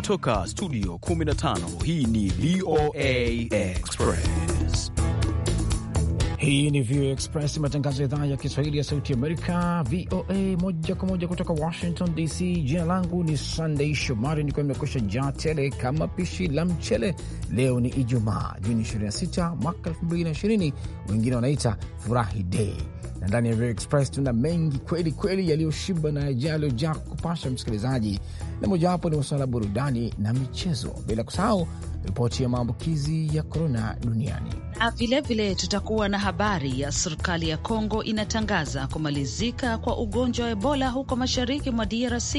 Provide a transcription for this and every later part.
Kutoka studio 15 hii ni VOA Express. Hii ni VOA Express, matangazo ya idhaa ya Kiswahili ya sauti Amerika, VOA, moja kwa moja kutoka Washington DC. Jina langu ni sandey Shomari, nikiwa nimekusha jaa tele kama pishi la mchele. Leo ni Ijumaa, Juni 26 mwaka 2020, wengine wanaita furahi dei na ndani ya Express tuna mengi kweli kweli yaliyoshiba na yaliyojaa kupasha msikilizaji, na mojawapo ni masuala ya burudani na michezo, bila kusahau ripoti ya maambukizi ya korona duniani. Na vilevile tutakuwa na habari ya serikali ya Kongo inatangaza kumalizika kwa ugonjwa wa Ebola huko mashariki mwa DRC,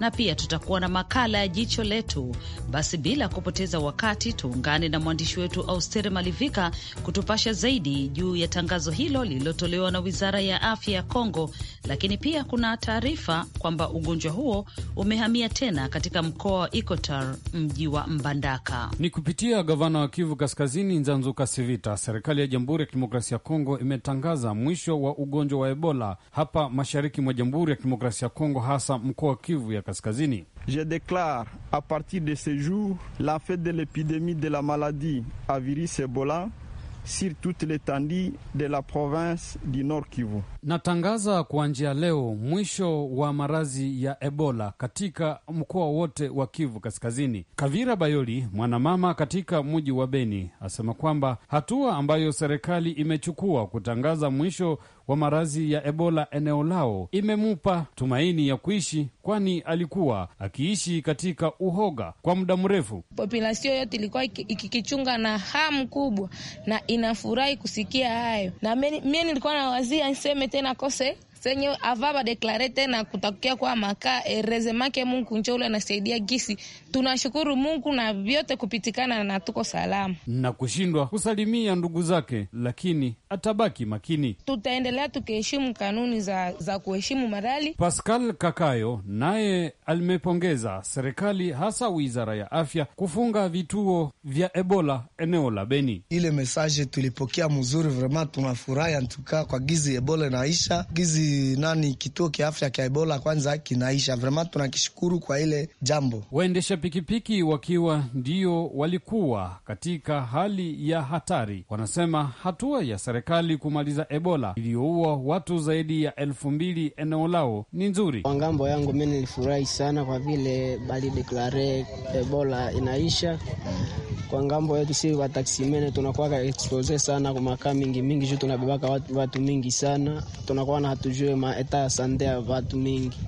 na pia tutakuwa na makala ya jicho letu. Basi bila kupoteza wakati, tuungane na mwandishi wetu Austeri Malivika kutupasha zaidi juu ya tangazo hilo lililotolewa na wizara ya afya ya Kongo. Lakini pia kuna taarifa kwamba ugonjwa huo umehamia tena katika mkoa wa Ikotar, mji wa Mbandaka. Ni kupitia gavana wa Kivu Kaskazini, Nzanzu Kasivita, serikali ya Jamhuri ya Kidemokrasia ya Kongo imetangaza mwisho wa ugonjwa wa Ebola hapa mashariki mwa Jamhuri ya Kidemokrasia ya Kongo, hasa mkoa wa Kivu ya Kaskazini. Je declare a partir de ce jour la fin de l'epidemie de la maladie a virus Ebola sur toute l'étendue de la province du Nord Kivu. Natangaza kuanzia leo mwisho wa marazi ya Ebola katika mkoa wote wa Kivu Kaskazini. Kavira Bayoli, mwanamama katika mji wa Beni, asema kwamba hatua ambayo serikali imechukua kutangaza mwisho wa maradhi ya Ebola eneo lao imemupa tumaini ya kuishi, kwani alikuwa akiishi katika uhoga kwa muda mrefu. Populasio yote ilikuwa ikikichunga na hamu kubwa, na inafurahi kusikia hayo, na mie nilikuwa nawazia nseme tena kose senye avaba deklare tena kutakia kwa makaa ereze make Mungu njo ule anasaidia gisi. Tunashukuru Mungu na vyote kupitikana na tuko salama na kushindwa kusalimia ndugu zake, lakini atabaki makini. Tutaendelea tukiheshimu kanuni za, za kuheshimu marali. Pascal Kakayo naye alimepongeza serikali hasa wizara ya afya kufunga vituo vya Ebola eneo la Beni. Ile mesaje tulipokea mzuri, vrema tunafurahi antuka kwa gizi Ebola inaisha gizi nani kituo kia afya kya Ebola kwanza kinaisha, vrema tunakishukuru kwa ile jambo. Waendesha pikipiki wakiwa ndio walikuwa katika hali ya hatari, wanasema hatua ya serikali serikali kumaliza Ebola iliyoua watu zaidi ya elfu mbili eneo lao ni nzuri. Kwa ngambo yangu mi nilifurahi sana kwa vile balideklare Ebola inaisha. Kwa ngambo yetu si wataksimene tunakuwaka expose sana kwa makaa mingi mingi juu tunabebaka watu, watu mingi sana tunakuwa na hatujue maeta ya sande ya watu mingi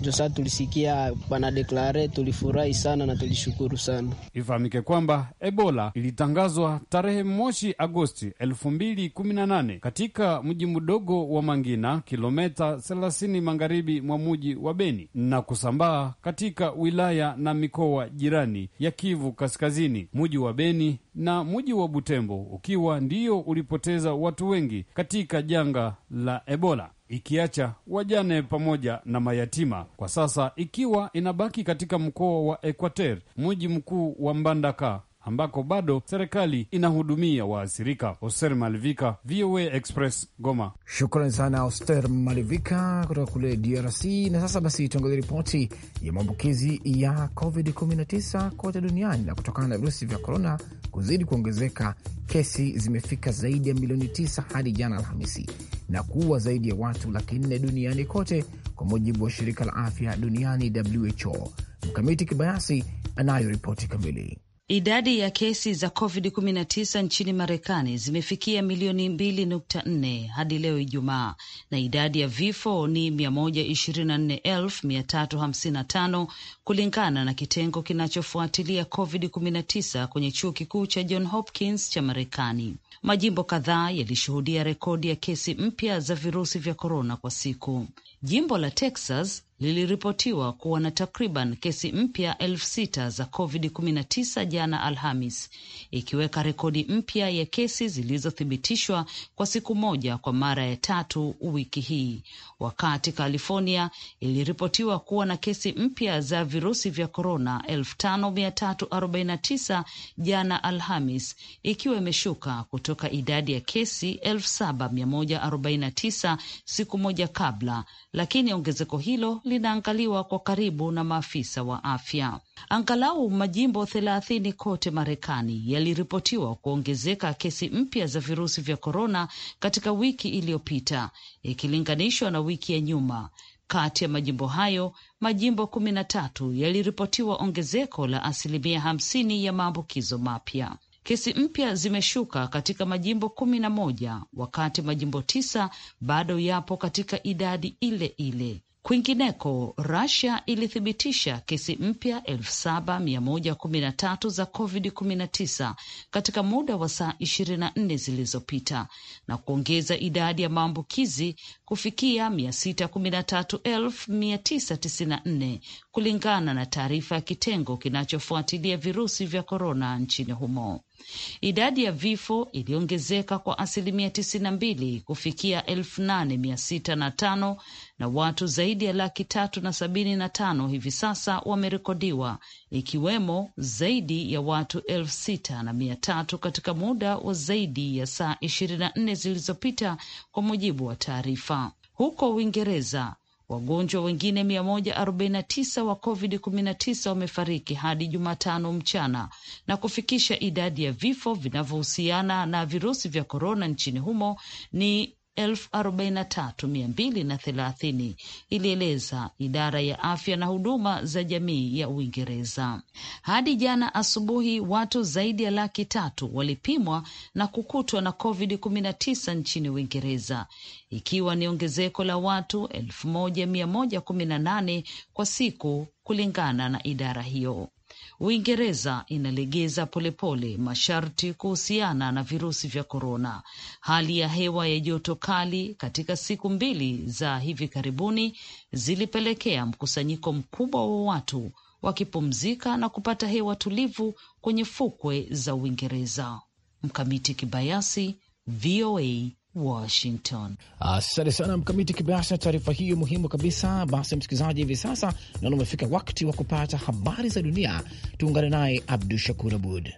ndio sasa tulisikia deklare, tulifurahi sana na tulishukuru sana. Ifahamike kwamba Ebola ilitangazwa tarehe mosi Agosti elfu katika mji mdogo wa Mangina, kilometa 30 magharibi mwa muji wa Beni na kusambaa katika wilaya na mikoa jirani ya Kivu Kaskazini, muji wa Beni na muji wa Butembo ukiwa ndio ulipoteza watu wengi katika janga la Ebola ikiacha wajane pamoja na mayatima. Kwa sasa ikiwa inabaki katika mkoa wa Equateur, mji mkuu wa Mbandaka ambako bado serikali inahudumia waathirika. Oster Malivika, VOA Express, Goma. Shukran sana Oster Malivika kutoka kule DRC. Na sasa basi tuangalie ripoti ya maambukizi ya COVID-19 kote duniani. Na kutokana na virusi vya korona kuzidi kuongezeka, kesi zimefika zaidi ya milioni 9 hadi jana Alhamisi na kuua zaidi ya watu laki nne duniani kote, kwa mujibu wa shirika la afya duniani WHO. Mkamiti Kibayasi anayo ripoti kamili. Idadi ya kesi za COVID-19 nchini Marekani zimefikia milioni 2.4 hadi leo Ijumaa, na idadi ya vifo ni 124,355 kulingana na kitengo kinachofuatilia COVID-19 kwenye chuo kikuu cha John Hopkins cha Marekani. Majimbo kadhaa yalishuhudia rekodi ya kesi mpya za virusi vya korona kwa siku. Jimbo la Texas liliripotiwa kuwa na takriban kesi mpya elfu sita za COVID-19 jana Alhamis, ikiweka rekodi mpya ya kesi zilizothibitishwa kwa siku moja kwa mara ya tatu wiki hii, wakati California iliripotiwa kuwa na kesi mpya za virusi vya korona 5349 jana Alhamis, ikiwa imeshuka kutoka idadi ya kesi 7149 siku moja kabla, lakini ongezeko hilo linaangaliwa kwa karibu na maafisa wa afya. Angalau majimbo thelathini kote Marekani yaliripotiwa kuongezeka kesi mpya za virusi vya korona katika wiki iliyopita ikilinganishwa na wiki ya nyuma. Kati ya majimbo hayo, majimbo kumi na tatu yaliripotiwa ongezeko la asilimia hamsini ya maambukizo mapya. Kesi mpya zimeshuka katika majimbo kumi na moja wakati majimbo tisa bado yapo katika idadi ile ile. Kwingineko, rasia ilithibitisha kesi mpya 7113 za COVID-19 katika muda wa saa 24 zilizopita na kuongeza idadi ya maambukizi kufikia 613994 kulingana na taarifa ya kitengo kinachofuatilia virusi vya korona nchini humo. Idadi ya vifo iliongezeka kwa asilimia tisini na mbili kufikia elfu nane mia sita na tano na watu zaidi ya laki tatu na sabini na tano hivi sasa wamerekodiwa ikiwemo zaidi ya watu elfu sita na mia tatu katika muda wa zaidi ya saa ishirini na nne zilizopita, kwa mujibu wa taarifa. Huko Uingereza, Wagonjwa wengine 149 wa COVID-19 wamefariki hadi Jumatano mchana na kufikisha idadi ya vifo vinavyohusiana na virusi vya korona nchini humo ni 43230 ilieleza idara ya afya na huduma za jamii ya Uingereza. Hadi jana asubuhi, watu zaidi ya laki tatu walipimwa na kukutwa na COVID-19 nchini Uingereza, ikiwa ni ongezeko la watu nane kwa siku kulingana na idara hiyo. Uingereza inalegeza polepole masharti kuhusiana na virusi vya korona. Hali ya hewa ya joto kali katika siku mbili za hivi karibuni zilipelekea mkusanyiko mkubwa wa watu wakipumzika na kupata hewa tulivu kwenye fukwe za Uingereza. Mkamiti Kibayasi, VOA Washington. Asante sana Mkamiti Kibayasi na taarifa hiyo muhimu kabisa. Basi msikilizaji, hivi sasa naona umefika wakati wa kupata habari za dunia. Tuungane naye Abdu Shakur Abud.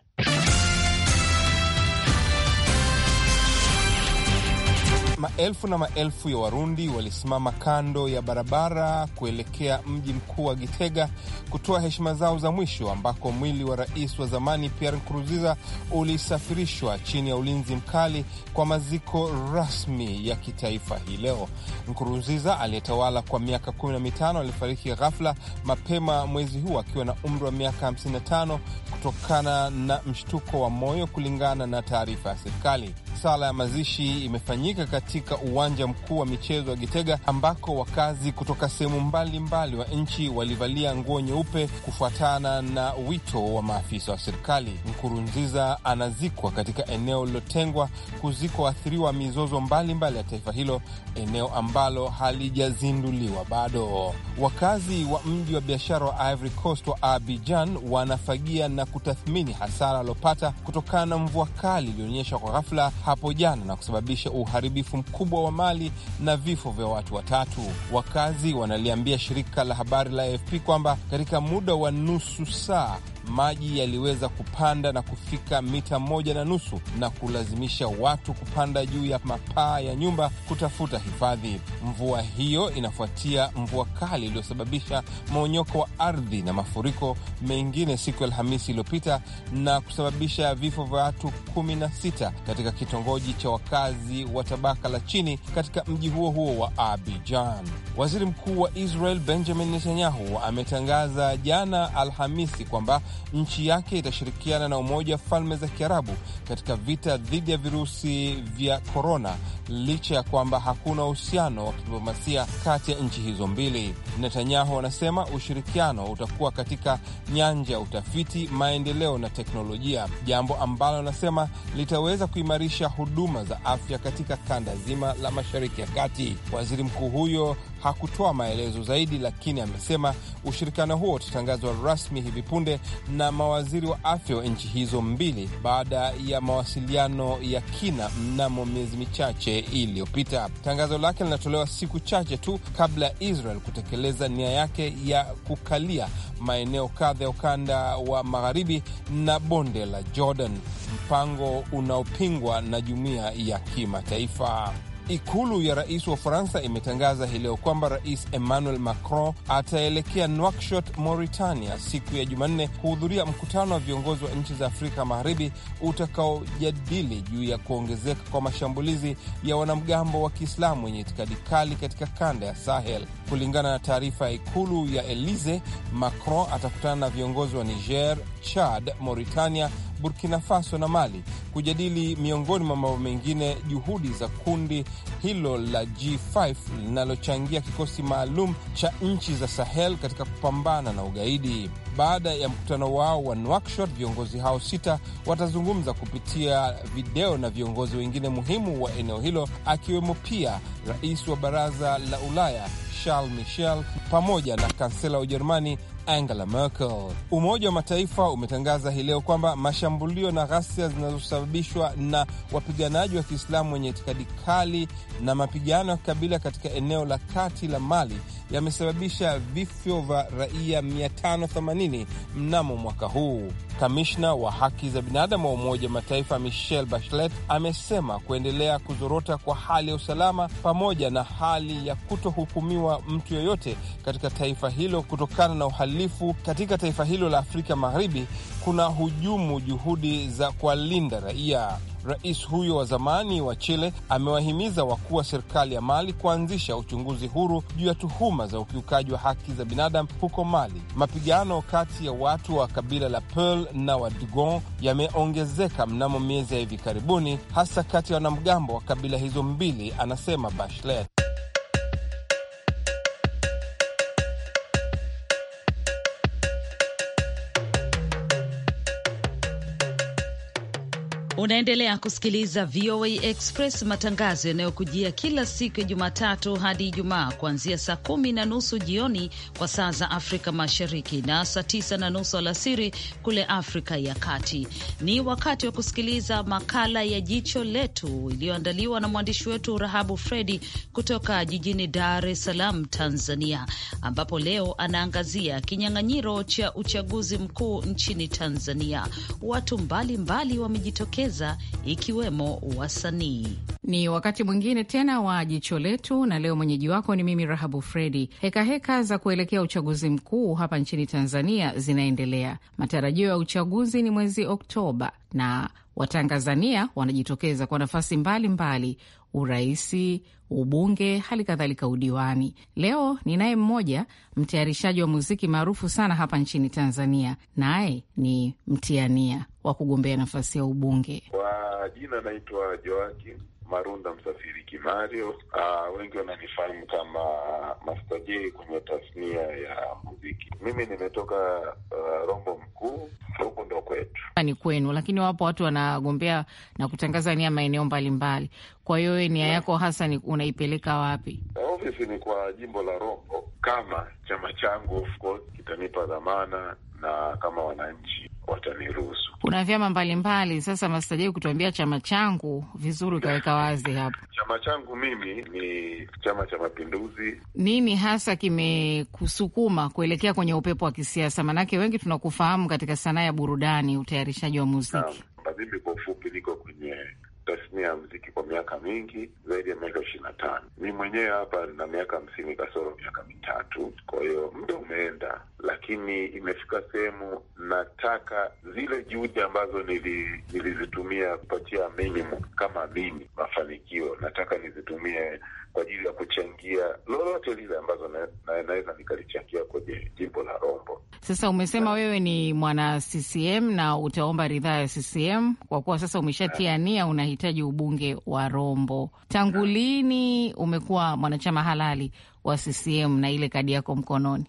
Maelfu na maelfu ya Warundi walisimama kando ya barabara kuelekea mji mkuu wa Gitega kutoa heshima zao za mwisho, ambako mwili wa rais wa zamani Pierre Nkurunziza ulisafirishwa chini ya ulinzi mkali kwa maziko rasmi ya kitaifa hii leo. Nkurunziza aliyetawala kwa miaka 15 mitano alifariki ghafla mapema mwezi huu akiwa na umri wa miaka 55 kutokana na mshtuko wa moyo, kulingana na taarifa ya serikali. Sala ya mazishi imefanyika katika katika uwanja mkuu wa michezo wa Gitega ambako wakazi kutoka sehemu mbalimbali wa nchi walivalia nguo nyeupe kufuatana na wito wa maafisa wa serikali. Nkurunziza anazikwa katika eneo lilotengwa kuzikwa waathiriwa mizozo mbalimbali mbali ya taifa hilo, eneo ambalo halijazinduliwa bado. Wakazi wa mji wa biashara wa Ivory Coast wa Abidjan wanafagia na kutathmini hasara waliopata kutokana na mvua kali ilionyesha kwa ghafla hapo jana na kusababisha uharibifu mkubwa wa Mali na vifo vya watu watatu. Wakazi wanaliambia shirika la habari la AFP kwamba katika muda wa nusu saa maji yaliweza kupanda na kufika mita moja na nusu na kulazimisha watu kupanda juu ya mapaa ya nyumba kutafuta hifadhi. Mvua hiyo inafuatia mvua kali iliyosababisha maonyoko wa ardhi na mafuriko mengine siku ya Alhamisi iliyopita na kusababisha vifo vya watu 16 katika kitongoji cha wakazi wa tabaka la chini katika mji huo huo wa Abidjan. Waziri Mkuu wa Israel Benjamin Netanyahu ametangaza jana Alhamisi kwamba nchi yake itashirikiana na Umoja wa Falme za Kiarabu katika vita dhidi ya virusi vya korona licha ya kwamba hakuna uhusiano wa kidiplomasia kati ya nchi hizo mbili. Netanyahu anasema ushirikiano utakuwa katika nyanja ya utafiti, maendeleo na teknolojia, jambo ambalo anasema litaweza kuimarisha huduma za afya katika kanda zima la Mashariki ya Kati. Waziri mkuu huyo hakutoa maelezo zaidi, lakini amesema ushirikiano huo utatangazwa rasmi hivi punde na mawaziri wa afya wa nchi hizo mbili baada ya mawasiliano ya kina mnamo miezi michache iliyopita. Tangazo lake linatolewa siku chache tu kabla ya Israel kutekeleza nia yake ya kukalia maeneo kadha ya ukanda wa magharibi na bonde la Jordan, mpango unaopingwa na jumuiya ya kimataifa. Ikulu ya rais wa Ufaransa imetangaza hii leo kwamba rais Emmanuel Macron ataelekea Nouakchott, Mauritania, siku ya Jumanne kuhudhuria mkutano wa viongozi wa nchi za Afrika Magharibi utakaojadili juu ya kuongezeka kwa mashambulizi ya wanamgambo wa Kiislamu wenye itikadi kali katika kanda ya Sahel. Kulingana na taarifa ya ikulu ya Elize, Macron atakutana na viongozi wa Niger, Chad, Mauritania Burkina Faso na Mali kujadili miongoni mwa mambo mengine juhudi za kundi hilo la G5 linalochangia kikosi maalum cha nchi za Sahel katika kupambana na ugaidi. Baada ya mkutano wao wa Nouakchott, viongozi hao sita watazungumza kupitia video na viongozi wengine muhimu wa eneo hilo, akiwemo pia rais wa Baraza la Ulaya Charles Michel pamoja na kansela wa Ujerumani Angela Merkel. Umoja wa Mataifa umetangaza hii leo kwamba mashambulio na ghasia zinazosababishwa na wapiganaji wa Kiislamu wenye itikadi kali na mapigano ya kikabila katika eneo la kati la Mali yamesababisha vifo vya raia 580 mnamo mwaka huu. Kamishna wa haki za binadamu wa Umoja wa Mataifa Michelle Bachelet amesema kuendelea kuzorota kwa hali ya usalama pamoja na hali ya kutohukumiwa mtu yoyote katika taifa hilo kutokana na uhalifu katika taifa hilo la Afrika Magharibi kuna hujumu juhudi za kuwalinda raia. Rais huyo wa zamani wa Chile amewahimiza wakuu wa serikali ya Mali kuanzisha uchunguzi huru juu ya tuhuma za ukiukaji wa haki za binadamu huko Mali. Mapigano kati ya watu wa kabila la Peul na Wadigon yameongezeka mnamo miezi ya hivi karibuni, hasa kati ya wanamgambo wa kabila hizo mbili, anasema Bachelet. Unaendelea kusikiliza VOA Express, matangazo yanayokujia kila siku ya Jumatatu hadi Ijumaa kuanzia saa kumi na nusu jioni kwa saa za Afrika Mashariki na saa tisa na nusu alasiri kule Afrika ya Kati. Ni wakati wa kusikiliza makala ya Jicho Letu iliyoandaliwa na mwandishi wetu Rahabu Fredi kutoka jijini Dar es Salaam, Tanzania, ambapo leo anaangazia kinyang'anyiro cha uchaguzi mkuu nchini Tanzania. Watu mbalimbali wamejitokeza kucheza ikiwemo wasanii. Ni wakati mwingine tena wa jicho letu, na leo mwenyeji wako ni mimi Rahabu Fredi. Hekaheka za kuelekea uchaguzi mkuu hapa nchini Tanzania zinaendelea. Matarajio ya uchaguzi ni mwezi Oktoba na Watanzania wanajitokeza kwa nafasi mbalimbali: uraisi, ubunge, hali kadhalika udiwani. Leo ninaye mmoja mtayarishaji wa muziki maarufu sana hapa nchini Tanzania, naye ni mtiania wa kugombea nafasi ya ubunge. Kwa jina naitwa Joakim Marunda Msafiri Kimario. Uh, wengi wananifahamu kama Master J kwenye tasnia ya muziki. Mimi nimetoka uh, Rombo Mkuu, huku ndo kwetu ni kwenu, lakini wapo watu wanagombea na kutangaza nia maeneo mbalimbali. Kwa hiyo wewe nia yako hasa ni unaipeleka wapi? Ofisi ni kwa jimbo la Rombo, kama chama changu of course kitanipa dhamana na kama wananchi wataniruhusu. Kuna vyama mbalimbali. Sasa mastajai kutuambia chama changu vizuri, ukaweka wazi hapo. Chama changu mimi ni Chama cha Mapinduzi. Nini hasa kimekusukuma kuelekea kwenye upepo wa kisiasa? Maanake wengi tunakufahamu katika sanaa ya burudani, utayarishaji wa muziki. Mimi kwa ufupi niko kwenye tasnia ya mziki kwa miaka mingi zaidi ya miaka ishirini na tano. Mi mwenyewe hapa na miaka hamsini kasoro miaka mitatu, kwa hiyo muda umeenda, lakini imefika sehemu nataka zile juhudi ambazo nili, nilizitumia kupatia minimum kama mimi mafanikio nataka nizitumie kwa ajili ya kuchangia lolote lile ambazo naweza nikalichangia kwenye jimbo la Rombo. Sasa umesema na, wewe ni mwana CCM na utaomba ridhaa ya CCM kwa kuwa sasa umeshatia ah. nia unahitaji ubunge wa Rombo. Tangu lini umekuwa mwanachama halali wa CCM na ile kadi yako mkononi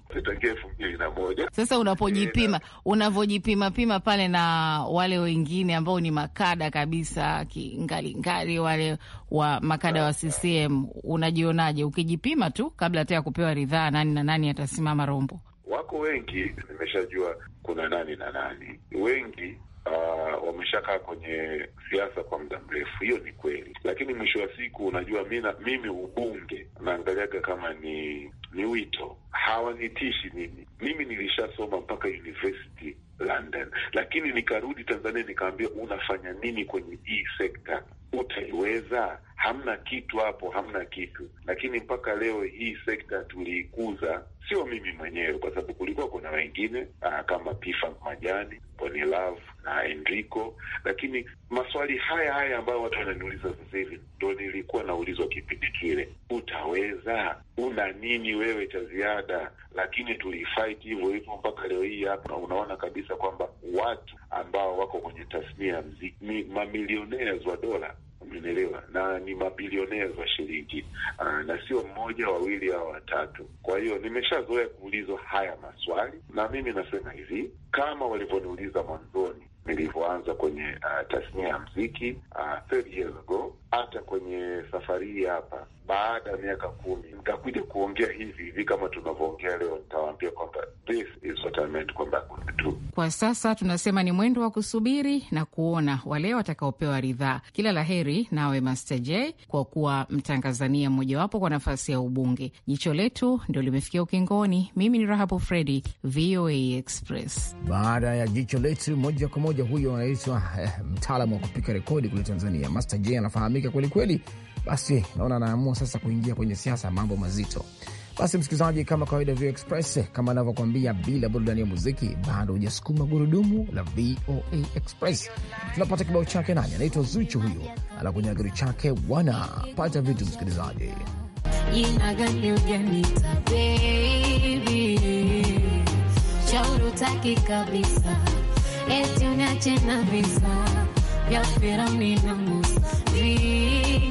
Sasa unapojipima unavyojipima pima pale na wale wengine ambao ni makada kabisa kingalingali wale wa makada wa CCM unajionaje ukijipima tu kabla hata ya kupewa ridhaa nani na nani atasimama Rombo? Wako wengi nimeshajua kuna nani na nani wengi uh, wameshakaa kwenye siasa kwa muda mrefu. Hiyo ni kweli, lakini mwisho wa siku, unajua mina, mimi ubunge naangaliaga kama ni ni wito, hawanitishi mimi. Mimi nilishasoma mpaka university London, lakini nikarudi Tanzania nikaambia, unafanya nini kwenye hii sekta? Utaiweza? Hamna kitu hapo, hamna kitu. Lakini mpaka leo hii sekta tuliikuza sio mimi mwenyewe, kwa sababu kulikuwa kuna wengine uh, kama Pifa Majani, Bonilove na Enrico, lakini maswali haya haya ambayo watu wananiuliza sasa hivi ndo nilikuwa naulizwa kipindi kile, utaweza, una nini wewe cha ziada? Lakini tulifight hivyo hivyo mpaka leo hii hapa. Unaona kabisa kwamba watu ambao wako kwenye tasnia ya mziki ni mamilionea wa dola umeelewa, na ni mabilionea wa shilingi uh, na sio mmoja wawili au watatu. Kwa hiyo nimeshazoea kuulizwa haya maswali, na mimi nasema hivi kama walivyoniuliza mwanzoni nilivyoanza kwenye uh, tasnia ya mziki uh, years ago, hata kwenye safari hii hapa baada ya miaka kumi nitakuja kuongea hivi hivi kama tunavyoongea leo, nitawaambia kwamba this is what I meant kwamba kwa sasa tunasema ni mwendo wa kusubiri na kuona wale watakaopewa ridhaa. Kila la heri nawe Master J kwa kuwa mtangazania mmojawapo kwa nafasi ya ubunge. Jicho letu ndio limefikia ukingoni. Mimi ni Rahabu Fredi, VOA Express. Baada ya jicho letu moja kwa moja, huyo anaitwa eh, mtaalamu wa kupika rekodi kule Tanzania. Master J anafahamika kwelikweli kweli basi naona anaamua sasa kuingia kwenye siasa, mambo mazito. Basi msikilizaji, kama kawaida, VOA Express kama anavyokwambia, bila burudani ya muziki bado hujasukuma gurudumu la VOA Express. Tunapata kibao chake, nani anaitwa Zuchu huyo, anakunya kitu chake, wana pata vitu msikilizaji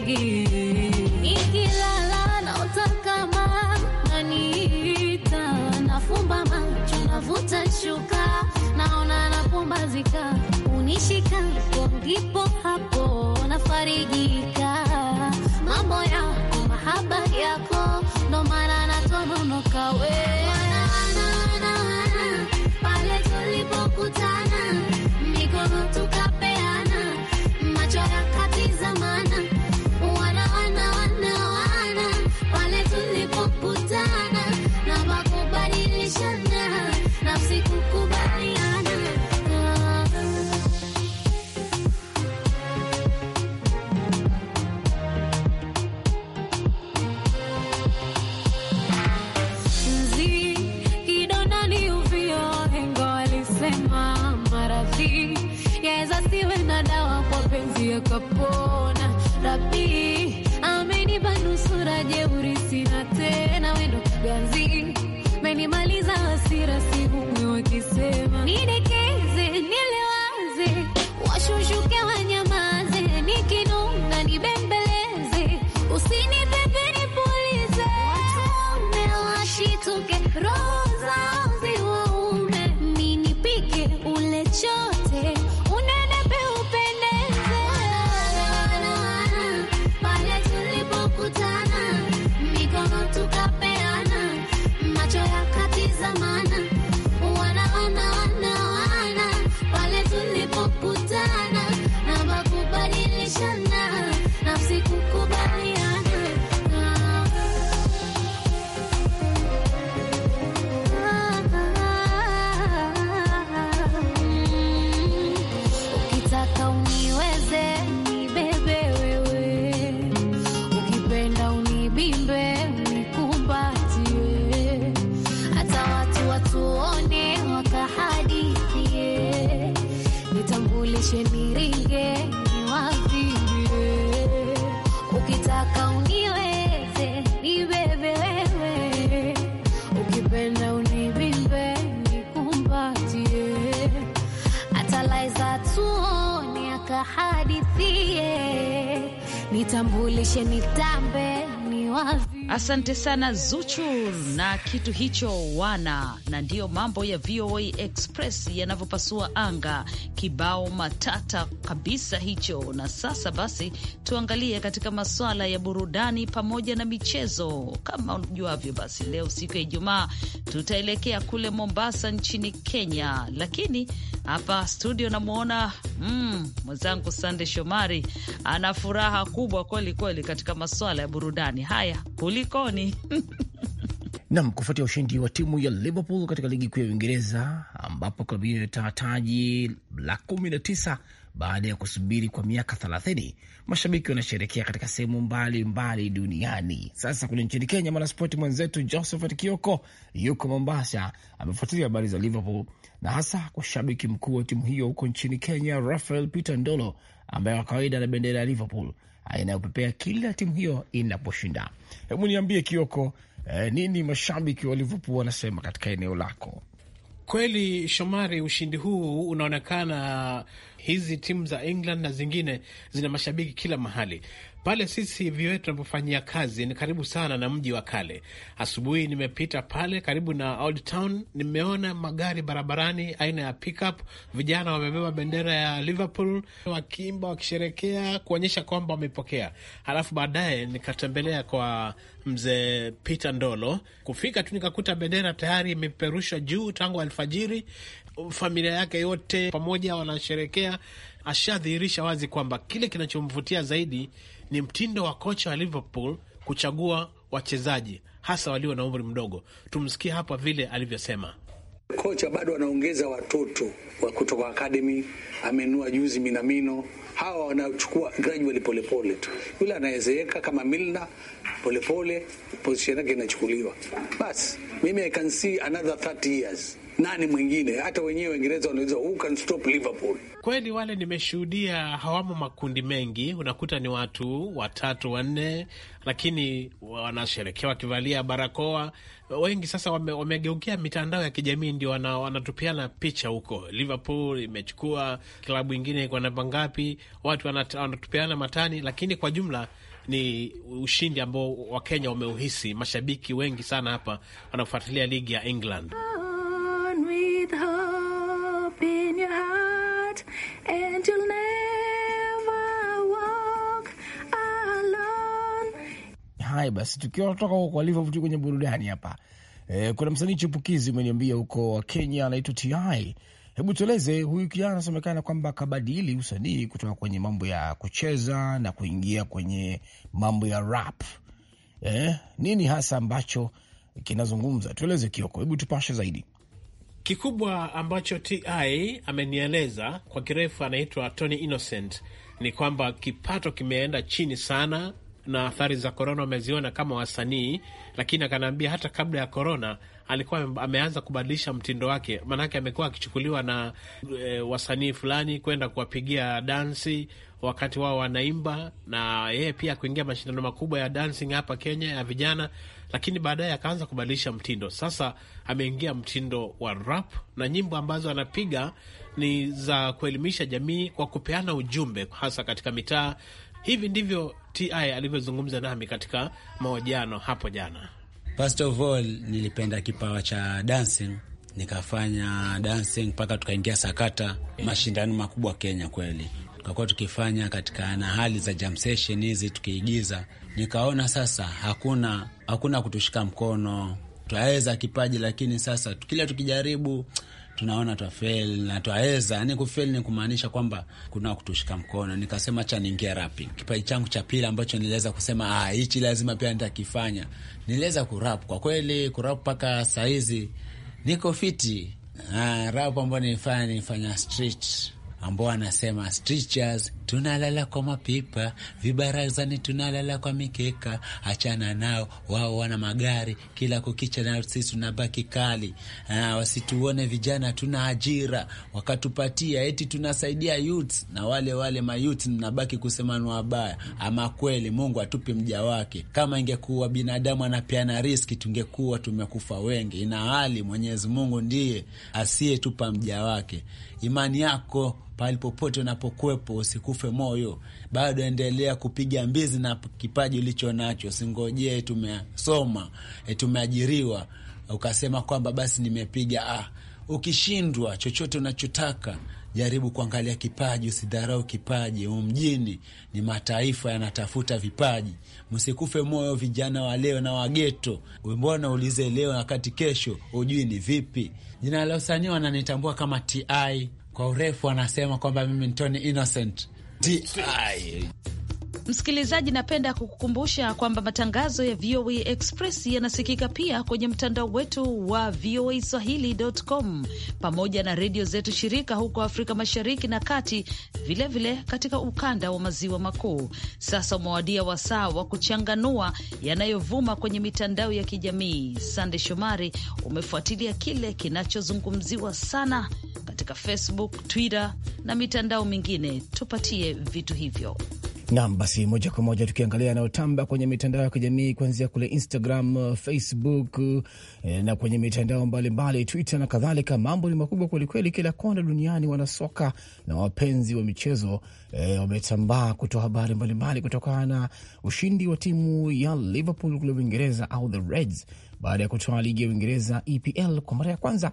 mengi. Nikilala nafumba navuta shuka, naona unishika ndipo hapo nafarijika. Mambo yako mahaba yako ndo maana natononoka got be usiniringe niwafilie, ukitaka uniweze nibebe wewe, ukipenda univimbe nikumbatie, atalaiza tuoni akahadithie, nitambulishe nitambe niwazi Asante sana Zuchu. Chur na kitu hicho wana, na ndiyo mambo ya VOA Express yanavyopasua anga. Kibao matata kabisa hicho. Na sasa basi, tuangalie katika masuala ya burudani pamoja na michezo. Kama unajuavyo, basi leo siku ya Ijumaa tutaelekea kule Mombasa nchini Kenya, lakini hapa studio namwona mm, mwenzangu Sande Shomari ana furaha kubwa kweli kweli katika masuala ya burudani. Haya, kulikoni? Nam, kufuatia ushindi wa timu ya Liverpool katika ligi kuu ya Uingereza, ambapo klabu hiyo imetaa taji la 19 baada ya kusubiri kwa miaka 30, mashabiki wanasherekea katika sehemu mbalimbali duniani. Sasa kule nchini Kenya, mwanaspoti mwenzetu Josephat Kioko yuko Mombasa, amefuatilia habari za Liverpool na hasa kwa shabiki mkuu wa timu hiyo huko nchini Kenya, Rafael Peter Ndolo, ambaye kwa kawaida na bendera ya Liverpool inayopepea kila timu hiyo inaposhinda. Hebu niambie Kioko, eh, nini mashabiki wa Liverpool wanasema katika eneo lako? Kweli Shomari, ushindi huu unaonekana hizi timu za England na zingine zina mashabiki kila mahali, pale sisi VOA tunapofanyia kazi ni karibu sana na mji wa kale. Asubuhi nimepita pale karibu na Old Town, nimeona magari barabarani aina ya pickup, vijana wamebeba bendera ya Liverpool wakiimba, wakisherekea kuonyesha kwamba wamepokea. Halafu baadaye nikatembelea kwa mzee Peter Ndolo. Kufika tu nikakuta bendera tayari imeperushwa juu tangu alfajiri, familia yake yote pamoja wanasherekea. Ashadhihirisha wazi kwamba kile kinachomvutia zaidi ni mtindo wa kocha wa Liverpool kuchagua wachezaji hasa walio na umri mdogo. Tumsikie hapa vile alivyosema. Kocha bado anaongeza watoto wa kutoka akademi, amenua juzi Minamino, hawa wanachukua gradually polepole tu. Yule anawezeeka kama milna polepole position yake inachukuliwa. Basi mimi I can see another 30 years nani mwingine? Hata wenyewe Waingereza wanaweza who can stop Liverpool? Kweli wale nimeshuhudia hawamo makundi mengi, unakuta ni watu watatu wanne, lakini wanasherekea wakivalia barakoa wengi. Sasa wamegeukia wame mitandao ya kijamii ndio wana, wanatupiana picha huko, Liverpool imechukua klabu ingine kwa namba ngapi, watu wanatupiana matani, lakini kwa jumla ni ushindi ambao Wakenya wameuhisi. Mashabiki wengi sana hapa wanafuatilia ligi ya England. naye basi, tukiwa tunatoka huko kwa vitu kwenye burudani hapa e, kuna msanii chipukizi umeniambia huko wa Kenya anaitwa Ti. Hebu tueleze huyu kijana anasemekana kwamba kabadili usanii kutoka kwenye mambo ya kucheza na kuingia kwenye mambo ya rap. Eh, nini hasa ambacho kinazungumza? Tueleze Kioko, hebu tupashe zaidi. Kikubwa ambacho Ti amenieleza kwa kirefu, anaitwa Tony Innocent, ni kwamba kipato kimeenda chini sana na athari za korona wameziona kama wasanii, lakini akanaambia hata kabla ya korona alikuwa ameanza kubadilisha mtindo wake, maanake amekuwa akichukuliwa na e, wasanii fulani kwenda kuwapigia dansi wakati wao wanaimba, na yeye pia kuingia mashindano makubwa ya dancing hapa Kenya ya vijana, lakini baadaye akaanza kubadilisha mtindo. Sasa ameingia mtindo wa rap na nyimbo ambazo anapiga ni za kuelimisha jamii kwa kupeana ujumbe hasa katika mitaa Hivi ndivyo TI alivyozungumza nami katika mahojiano hapo jana. First of all, nilipenda kipawa cha dancing nikafanya dancing mpaka tukaingia sakata, mashindano makubwa Kenya kweli tukakuwa tukifanya katika na hali za jam session hizi tukiigiza. Nikaona sasa hakuna hakuna kutushika mkono, twaweza kipaji, lakini sasa kila tukijaribu tunaona twafeli na twaweza. Yani kufeli ni kumaanisha kwamba kuna kutushika mkono. Nikasema cha niingia rapping. Kipaji changu cha pili ambacho niliweza kusema ah, hichi lazima pia nitakifanya, niliweza kurap. Kwa kweli kurap mpaka sahizi niko fiti. Ah, rap ambayo nilifanya nilifanya street ambao anasema stretchers tunalala kwa mapipa, vibarazani tunalala kwa mikeka, achana nao, wao wana magari kila kukicha na sisi tunabaki kali. Ah, wasituone vijana tuna ajira wakatupatia eti tunasaidia youths, na wale wale ma mayouth mnabaki kusema ni wabaya. Ama kweli Mungu atupe mja wake. Kama ingekuwa binadamu anapeana riski, tungekuwa tumekufa wengi, ina hali Mwenyezi Mungu ndiye asiyetupa mja wake imani yako pahali popote unapokwepo usikufe moyo, bado endelea kupiga mbizi na kipaji ulicho nacho. Singojee tumesoma, eh, tumeajiriwa, ukasema kwamba basi nimepiga. Ah, ukishindwa chochote unachotaka jaribu kuangalia kipaji, usidharau kipaji. mjini ni mataifa yanatafuta vipaji. Msikufe moyo, vijana wa leo na wageto. Mbona ulize leo wakati kesho hujui ni vipi? Jina la usanii wananitambua kama Ti kwa urefu, wanasema kwamba mimi ni Tony Innocent Ti. Msikilizaji, napenda kukukumbusha kwamba matangazo ya VOA Express yanasikika pia kwenye mtandao wetu wa VOA Swahili.com pamoja na redio zetu shirika huko Afrika Mashariki na Kati, vilevile vile katika ukanda wa maziwa makuu. Sasa umewadia wasaa wa kuchanganua yanayovuma kwenye mitandao ya kijamii. Sande Shomari, umefuatilia kile kinachozungumziwa sana katika Facebook, Twitter na mitandao mingine. Tupatie vitu hivyo. Nam, basi moja kwa moja tukiangalia yanayotamba kwenye mitandao ya kijamii kuanzia kule Instagram, Facebook eh, na kwenye mitandao mbalimbali, Twitter na kadhalika, mambo ni makubwa kwelikweli. Kila kona duniani wanasoka na wapenzi wa michezo e, wametambaa kutoa habari mbalimbali kutokana na ushindi wa timu ya Liverpool kule Uingereza au the Reds baada ya kutoa ligi ya Uingereza EPL kwa mara ya kwanza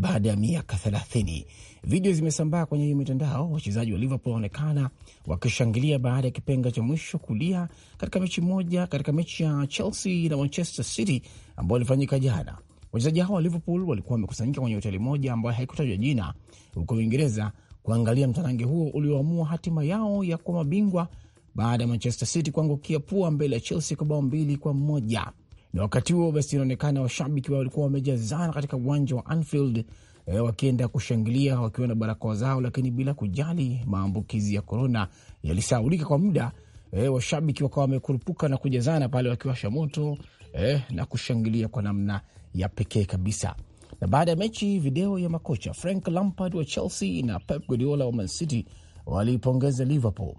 baada ya miaka thelathini. Video zimesambaa kwenye hiyo mitandao, wachezaji wa Liverpool waonekana wakishangilia baada ya kipenga cha mwisho kulia katika mechi moja, katika mechi ya Chelsea na Manchester City ambayo ilifanyika jana. Wachezaji hao wa Liverpool walikuwa wamekusanyika kwenye hoteli moja ambayo haikutajwa jina huko Uingereza kuangalia mtarange huo ulioamua hatima yao ya kuwa mabingwa baada ya Manchester City kuangukia pua mbele ya Chelsea kwa bao mbili kwa moja na wakati huo basi inaonekana washabiki walikuwa wamejazana katika uwanja wa Anfield e, wakienda kushangilia wakiwa na barakoa zao, lakini bila kujali maambukizi ya korona yalisaulika kwa muda. E, washabiki wakawa wamekurupuka na kujazana pale wakiwasha moto e, na kushangilia kwa namna ya pekee kabisa. Na baada ya mechi, video ya makocha Frank Lampard wa Chelsea na Pep Guardiola wa Man City walipongeza Liverpool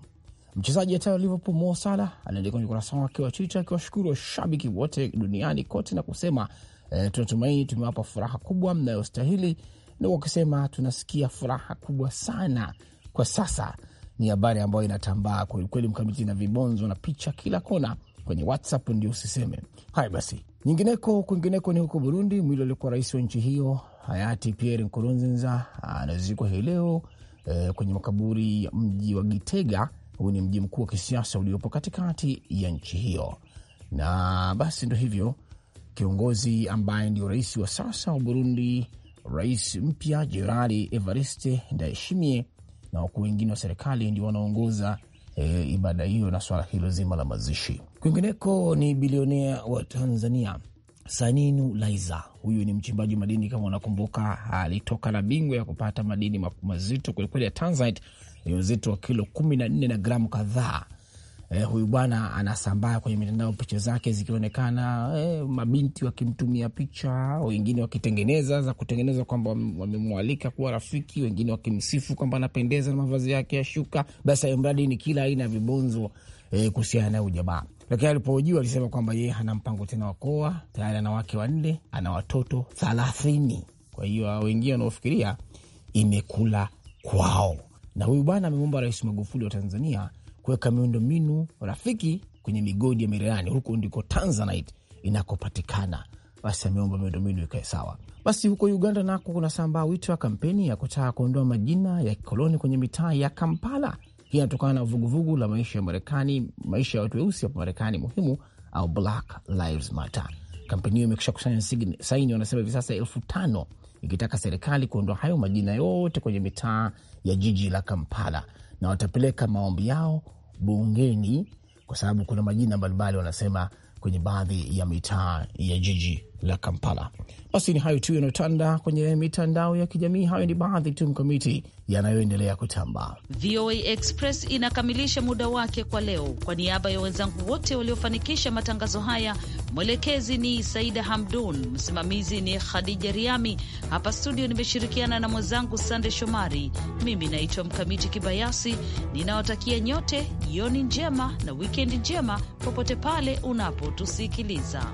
Mchezaji hatari wa Liverpool Mo Salah aliandika kwenye ukurasa wake wa Twitter akiwashukuru washabiki wote duniani kote na kusema eh, tunatumaini tumewapa furaha kubwa mnayostahili, na wakisema tunasikia furaha kubwa sana kwa sasa. Ni habari ambayo inatambaa kwelikweli, mkamiti na vibonzo na picha kila kona kwenye WhatsApp ndio usiseme. Haya basi, nyingineko kwingineko ni huko Burundi. Mwili aliokuwa rais wa nchi hiyo hayati Pierre Nkurunziza anazikwa hii leo eh, kwenye makaburi ya mji wa Gitega huu ni mji mkuu wa kisiasa uliopo katikati ya nchi hiyo. Na basi ndo hivyo, kiongozi ambaye ndio rais wa sasa wa Burundi, rais mpya Jenerali Evariste Ndayishimiye na wakuu wengine wa serikali ndio wanaongoza e, ibada hiyo na swala hilo zima la mazishi. Kwingineko ni bilionea wa Tanzania Saninu Laiza, huyu ni mchimbaji madini, kama unakumbuka, alitoka na bingwa ya kupata madini mazito kwelikweli ya Tanzanite, ni uzito wa kilo kumi na nne na gramu kadhaa. Eh, huyu bwana anasambaa kwenye mitandao, picha zake zikionekana, eh, mabinti wakimtumia picha, wengine wakitengeneza za kutengeneza kwamba wamemwalika kuwa rafiki, wengine wakimsifu kwamba anapendeza na mavazi yake ya shuka, basi mradi ni kila aina ya vibonzo eh, kuhusiana na ujamaa. Lakini alipohojiwa alisema kwamba yeye hana mpango tena wa kuoa, tayari ana wake wanne, ana watoto thalathini. Kwa hiyo wengine wanaofikiria imekula kwao na huyu bwana ameomba Rais Magufuli wa Tanzania kuweka miundombinu rafiki kwenye migodi ya Mirerani, huko ndiko tanzanite inakopatikana. Basi ameomba miundombinu ikae sawa. Basi huko Uganda nako kuna sambaa wito wa kampeni ya kutaka kuondoa majina ya kikoloni kwenye mitaa ya Kampala. Hii inatokana na vuguvugu la maisha ya Marekani, maisha ya watu weusi hapa Marekani muhimu, au Black Lives Matter. Kampeni hiyo imekusha kusanya saini, wanasema hivi sasa elfu tano ikitaka serikali kuondoa hayo majina yote kwenye mitaa ya jiji la Kampala, na watapeleka maombi yao bungeni, kwa sababu kuna majina mbalimbali wanasema kwenye baadhi ya mitaa ya jiji la Kampala. Basi ni hayo tu yanayotanda kwenye mitandao ya kijamii. Hayo ni baadhi tu mkamiti yanayoendelea kutamba. VOA Express inakamilisha muda wake kwa leo. Kwa niaba ya wenzangu wote waliofanikisha matangazo haya, mwelekezi ni Saida Hamdun, msimamizi ni Khadija Riami. Hapa studio nimeshirikiana na mwenzangu Sande Shomari. Mimi naitwa Mkamiti Kibayasi, ninawatakia nyote jioni njema na wikendi njema popote pale unapotusikiliza.